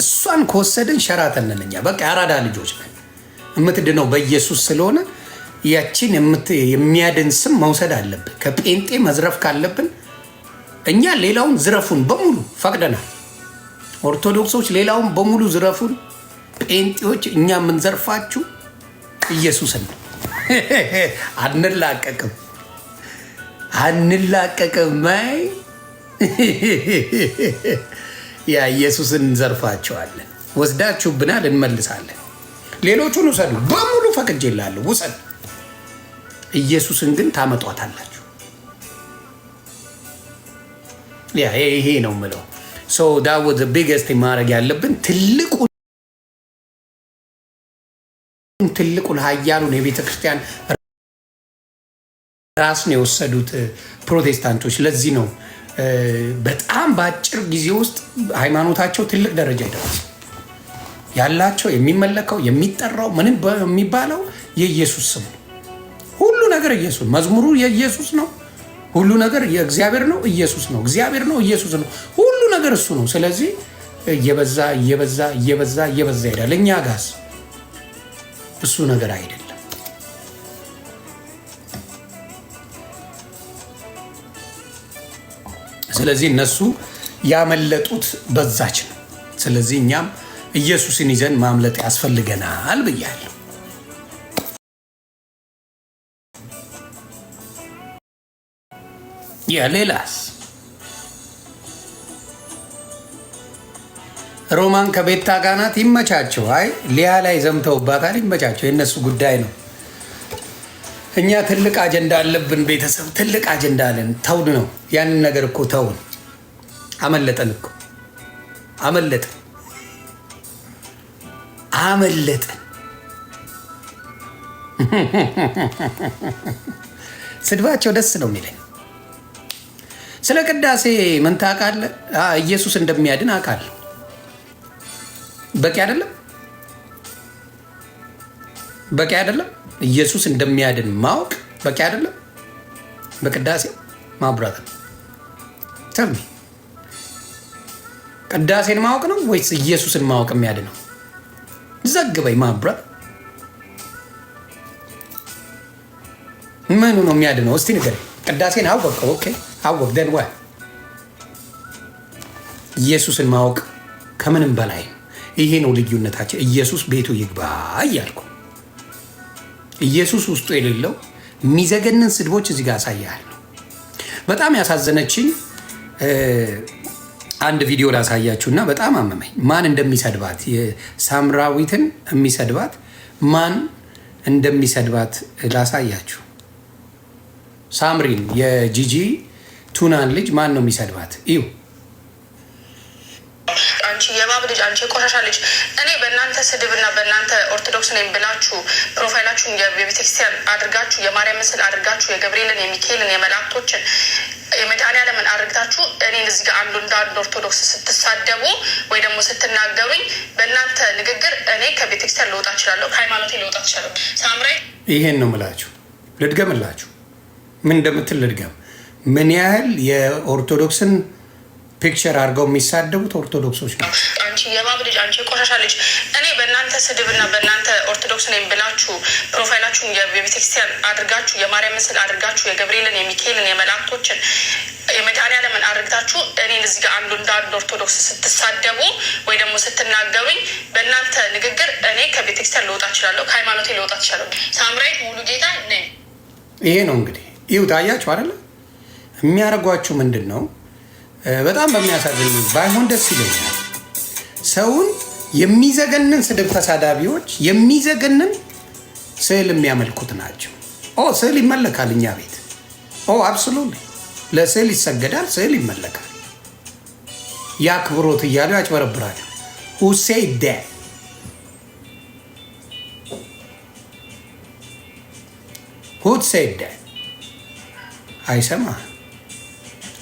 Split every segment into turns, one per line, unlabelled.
እሱ እሷን ከወሰድን ሸራተን ነን እኛ። በቃ የአራዳ ልጆች ነን። የምትድነው በኢየሱስ ስለሆነ ያችን የሚያድን ስም መውሰድ አለብን። ከጴንጤ መዝረፍ ካለብን እኛ ሌላውን ዝረፉን በሙሉ ፈቅደናል። ኦርቶዶክሶች ሌላውን በሙሉ ዝረፉን፣ ጴንጤዎች እኛ የምንዘርፋችሁ ኢየሱስን ነው። አንላቀቅም፣ አንላቀቅም። ማይ ያ ኢየሱስን እንዘርፋቸዋለን። ወስዳችሁብናል፣ እንመልሳለን። ሌሎቹን ውሰዱ፣ በሙሉ ፈቅጄላለሁ፣ ውሰድ። ኢየሱስን ግን ታመጧታላችሁ። ያ ይሄ ነው ምለው ሰው ዳወት ቢገስት ማድረግ ያለብን ትልቁ ትልቁን ሀያሉን የቤተ ክርስቲያን ራስን የወሰዱት ፕሮቴስታንቶች። ለዚህ ነው በጣም በአጭር ጊዜ ውስጥ ሃይማኖታቸው ትልቅ ደረጃ ይደርስ ያላቸው የሚመለከው የሚጠራው ምንም የሚባለው የኢየሱስ ስም ሁሉ ነገር ኢየሱስ፣ መዝሙሩ የኢየሱስ ነው። ሁሉ ነገር የእግዚአብሔር ነው፣ ኢየሱስ ነው። እግዚአብሔር ነው፣ ኢየሱስ ነው። ሁሉ ነገር እሱ ነው። ስለዚህ እየበዛ እየበዛ እየበዛ እየበዛ ይሄዳል። እኛ ጋስ እሱ ነገር አይደለም። ስለዚህ እነሱ ያመለጡት በዛች ነው። ስለዚህ እኛም ኢየሱስን ይዘን ማምለጥ ያስፈልገናል ብያለሁ። ያ ሌላስ ሮማን ከቤታ ጋር ናት። ይመቻቸው። አይ ሊያ ላይ ዘምተውባታል። ይመቻቸው፣ የእነሱ ጉዳይ ነው። እኛ ትልቅ አጀንዳ አለብን። ቤተሰብ ትልቅ አጀንዳ አለን። ተውን ነው ያንን ነገር እኮ ተውን። አመለጠን እኮ አመለጠን አመለጠን። ስድባቸው ደስ ነው የሚለኝ። ስለ ቅዳሴ ምን ታውቃለህ? ኢየሱስ እንደሚያድን አውቃለሁ። በቂ አይደለም፣ በቂ አይደለም። ኢየሱስ እንደሚያድን ማወቅ በቂ አይደለም። በቅዳሴ ማብራት ተሚ ቅዳሴን ማወቅ ነው ወይስ ኢየሱስን ማወቅ ነው? ዘግበኝ ማብራት ምኑ ነው የሚያድነው? እስቲ ንገር። ቅዳሴን አወቀው፣ አወቅ። ደን ኢየሱስን ማወቅ ከምንም በላይ ይሄ ነው ልዩነታችን። ኢየሱስ ቤቱ ይግባ እያልኩ ኢየሱስ ውስጡ የሌለው የሚዘገንን ስድቦች እዚህ ጋር ያሳያል በጣም ያሳዘነችኝ አንድ ቪዲዮ ላሳያችሁ እና በጣም አመመኝ። ማን እንደሚሰድባት ሳምራዊትን የሚሰድባት ማን እንደሚሰድባት ላሳያችሁ። ሳምሪን የጂጂ ቱናን ልጅ ማን ነው የሚሰድባት? ይሁ አንቺ የባብ ልጅ፣ አንቺ የቆሻሻ ልጅ፣ እኔ በእናንተ ስድብ እና በእናንተ ኦርቶዶክስ ነኝ ብላችሁ ፕሮፋይላችሁን የቤተክርስቲያን አድርጋችሁ የማርያም ምስል አድርጋችሁ የገብርኤልን፣ የሚካኤልን፣ የመላእክቶችን አለምን አድርግታችሁ እኔን እዚህ ጋር አንዱ እንዳንድ ኦርቶዶክስ ስትሳደቡ ወይ ደግሞ ስትናገሩኝ በእናንተ ንግግር እኔ ከቤተክርስቲያን ልወጣ እችላለሁ፣ ከሃይማኖቴ ልወጣ እችላለሁ። ሳምራይ ይሄን ነው ምላችሁ። ልድገምላችሁ ምን እንደምትል ልድገም። ምን ያህል የኦርቶዶክስን ፒክቸር አድርገው የሚሳደቡት ኦርቶዶክሶች ነው። አንቺ የባብ ልጅ፣ አንቺ የቆሻሻ ልጅ፣ እኔ በእናንተ ስድብ እና በእናንተ ኦርቶዶክስ ነኝ ብላችሁ ፕሮፋይላችሁን የቤተክርስቲያን አድርጋችሁ የማርያም ምስል አድርጋችሁ የገብርኤልን፣ የሚካኤልን፣ የመላእክቶችን የመድኃኒዓለምን አድርጋችሁ እኔን እዚህ ጋር አንዱ እንደ አንድ ኦርቶዶክስ ስትሳደቡ ወይ ደግሞ ስትናገሩኝ በእናንተ ንግግር እኔ ከቤተክርስቲያን ልወጣ እችላለሁ፣ ከሃይማኖቴ ልወጣ እችላለሁ። ሳምራዊት ሙሉ ጌታ ነኝ። ይሄ ነው እንግዲህ ይሁት አያችሁ አይደለ? የሚያደርጓችሁ ምንድን ነው? በጣም በሚያሳዝን ባይሆን ደስ ይለኛል። ሰውን የሚዘገንን ስድብ ተሳዳቢዎች የሚዘገንን ስዕል የሚያመልኩት ናቸው። ኦ ስዕል ይመለካል እኛ ቤት ኦ ለስዕል ይሰገዳል፣ ስዕል ይመለካል። የአክብሮት እያሉ ያጭበረብራል። ሁሴ ደ ሁሴ ደ አይሰማ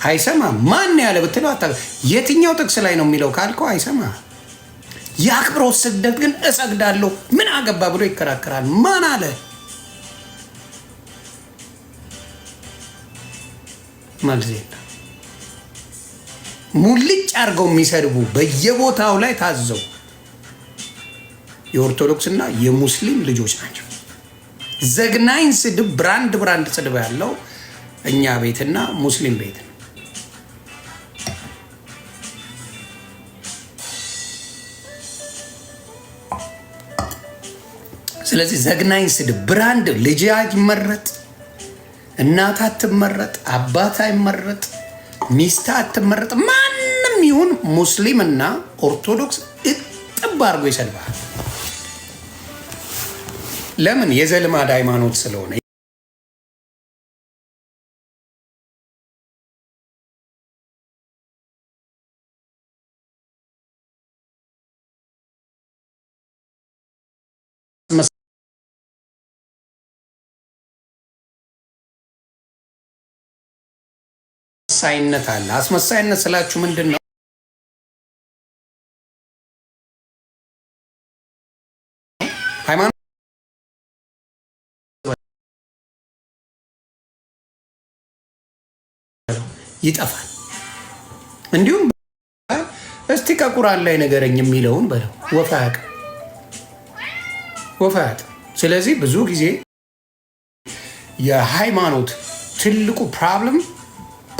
አይሰማ ማን ያለ ብትለው አታ የትኛው ጥቅስ ላይ ነው የሚለው ካልከው አይሰማ? የአክብሮት ስግደት ግን እሰግዳለሁ ምን አገባ ብሎ ይከራከራል። ማን አለ? መልስ ሙልጭ አድርገው የሚሰድቡ በየቦታው ላይ ታዘው የኦርቶዶክስና የሙስሊም ልጆች ናቸው። ዘግናኝ ስድብ፣ ብራንድ ብራንድ ስድብ ያለው እኛ ቤትና ሙስሊም ቤት ነው። ስለዚህ ዘግናኝ ስድብ ብራንድ ልጅ አይመረጥ፣ እናት አትመረጥ፣ አባት አይመረጥ፣ ሚስት አትመረጥ። ማንም ይሁን ሙስሊምና ኦርቶዶክስ እጥብ አድርጎ ይሰድባል። ለምን? የዘልማድ ሃይማኖት ስለሆነ አስመሳይነት አለ። አስመሳይነት ስላችሁ ምንድን ነው? ይጠፋል። እንዲሁም እስቲ ከቁርአን ላይ ነገረኝ የሚለውን በለው ወፋያቅ ወፋያቅ። ስለዚህ ብዙ ጊዜ የሃይማኖት ትልቁ ፕሮብለም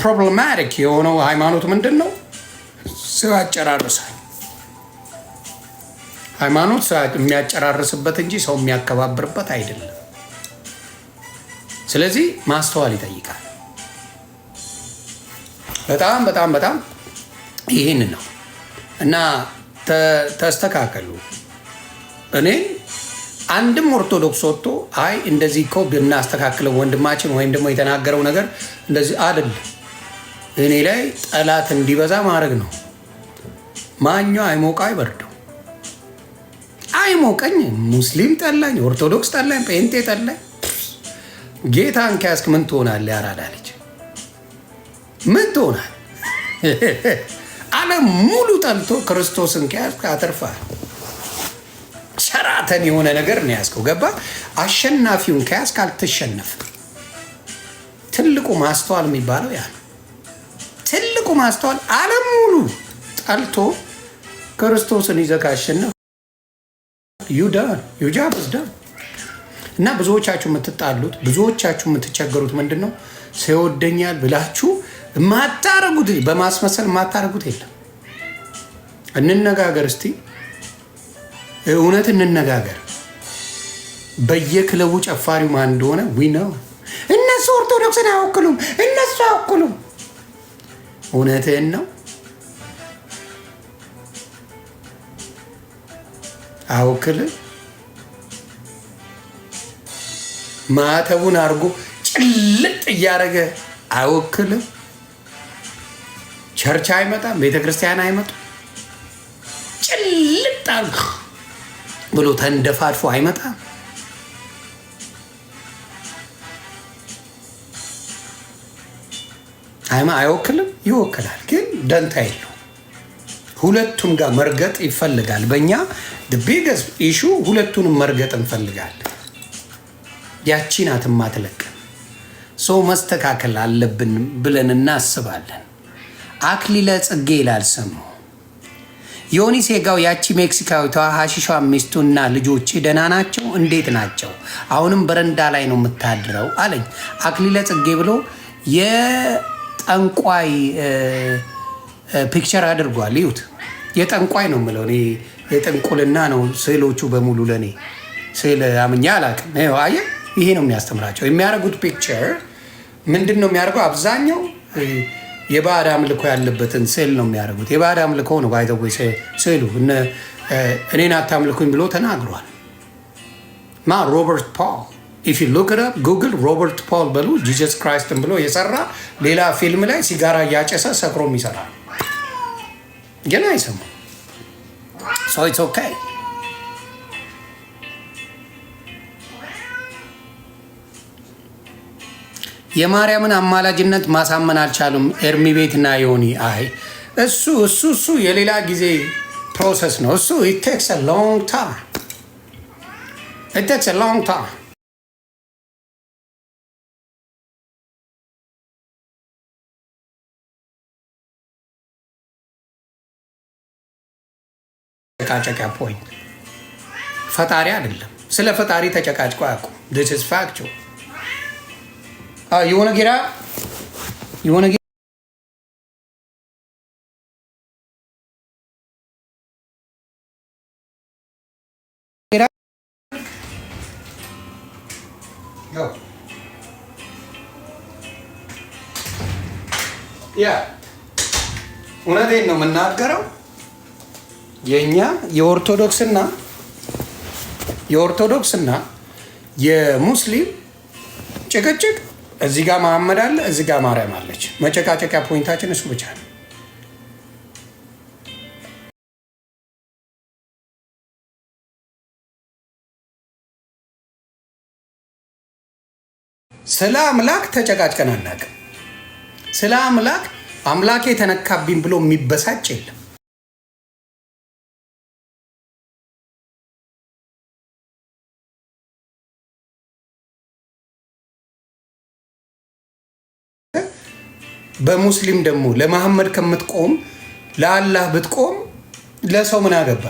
ፕሮብለማቲክ የሆነው ሃይማኖት ምንድን ነው? ሰው ያጨራርሳል። ሃይማኖት የሚያጨራርስበት እንጂ ሰው የሚያከባብርበት አይደለም። ስለዚህ ማስተዋል ይጠይቃል። በጣም በጣም በጣም ይህን ነው እና ተስተካከሉ። እኔ አንድም ኦርቶዶክስ ወጥቶ አይ እንደዚህ እኮ ብናስተካክለው ወንድማችን ወይም ደግሞ የተናገረው ነገር እንደዚህ አይደለም እኔ ላይ ጠላት እንዲበዛ ማድረግ ነው። ማኛ አይሞቀ አይበርደው አይሞቀኝ። ሙስሊም ጠላኝ፣ ኦርቶዶክስ ጠላኝ፣ ጴንጤ ጠላኝ። ጌታን ከያዝክ ምን ትሆናለህ? ያራዳ ልጅ ምን ትሆናለህ? ዓለም ሙሉ ጠልቶ ክርስቶስን ከያዝክ አትርፋል። ሰራተን የሆነ ነገር ነው ያዝከው። ገባ አሸናፊውን ከያዝክ አልትሸነፍም። ትልቁ ማስተዋል የሚባለው ያ ትልቁ ማስተዋል ዓለም ሙሉ ጠልቶ ክርስቶስን ይዘህ ዩዳ ዩጃ ብዝዳ እና ብዙዎቻችሁ የምትጣሉት ብዙዎቻችሁ የምትቸገሩት ምንድን ነው? ሰው ብላችሁ ማታረጉት በማስመሰል ማታረጉት የለም። እንነጋገር እስቲ እውነት እንነጋገር። በየክለቡ ጨፋሪው ማን እንደሆነ ዊ ነው። እነሱ ኦርቶዶክስን አይወክሉም። እነሱ አይወክሉም። እውነትህን ነው። አውክል ማተቡን አድርጎ ጭልጥ እያደረገ አውክል ቸርች አይመጣም፣ ቤተ ክርስቲያን አይመጡ ጭልጥ ብሎ ተንደፋድፎ አይመጣም። አይወክልም፣ ይወክላል፣ ግን ደንታ የለው። ሁለቱም ጋር መርገጥ ይፈልጋል። በእኛ ቢገስ ኢሹ ሁለቱንም መርገጥ እንፈልጋለን። ያቺ ናት ሰው መስተካከል አለብን ብለን እናስባለን። አክሊለ ጽጌ ይላል ስሙ። ዮኒ ሴጋው ያቺ ሜክሲካዊቷ ሀሺሿ ሚስቱና ልጆች ደህና ናቸው? እንዴት ናቸው? አሁንም በረንዳ ላይ ነው የምታድረው አለኝ። አክሊለ ጽጌ ብሎ ጠንቋይ ፒክቸር አድርጓል። ይዩት። የጠንቋይ ነው የምለው እኔ የጥንቁልና ነው ስዕሎቹ በሙሉ። ለእኔ ስዕል አምኛ አላውቅም። አየ ይሄ ነው የሚያስተምራቸው። የሚያደርጉት ፒክቸር ምንድን ነው የሚያደርገው? አብዛኛው የባዕድ አምልኮ ያለበትን ስዕል ነው የሚያደርጉት። የባዕድ አምልኮ ነው ባይተው ስዕሉ። እኔን አታምልኩኝ ብሎ ተናግሯል ማ ሮበርት ፓል ኢፍ ዩ ሉክ አፕ ጉግል ሮበርት ፖል በሉ ጂሰስ ክራይስትን ብሎ የሰራ ሌላ ፊልም ላይ ሲጋራ እያጨሰ ሰክሮም ይሰራል። ግን አይሰሙ ሰው ኢትስ ኦኬ የማርያምን አማላጅነት ማሳመን አልቻሉም። ኤርሚ ቤትና ዮኒ አይ እሱ እሱ እሱ የሌላ ጊዜ ፕሮሰስ ነው። እሱ ኢት ቴክስ ሎንግ ታይም ጨቃጨቂያ ፖይንት ፈጣሪ አይደለም። ስለ ፈጣሪ ተጨቃጭቆ አያውቁም። ስ ፋክቸው የሆነ ጌራ የሆነ እውነቴን ነው የምናገረው የእኛ የኦርቶዶክስና የኦርቶዶክስና የሙስሊም ጭቅጭቅ እዚህ ጋር መሐመድ አለ፣ እዚ ጋር ማርያም አለች። መጨቃጨቂያ ፖይንታችን እሱ ብቻ ነው። ስለ አምላክ ተጨቃጭቀን አናውቅም። ስለ አምላክ አምላኬ የተነካብኝ ብሎ የሚበሳጭ የለም። በሙስሊም ደግሞ ለመሐመድ ከምትቆም ለአላህ ብትቆም ለሰው ምን አገባ?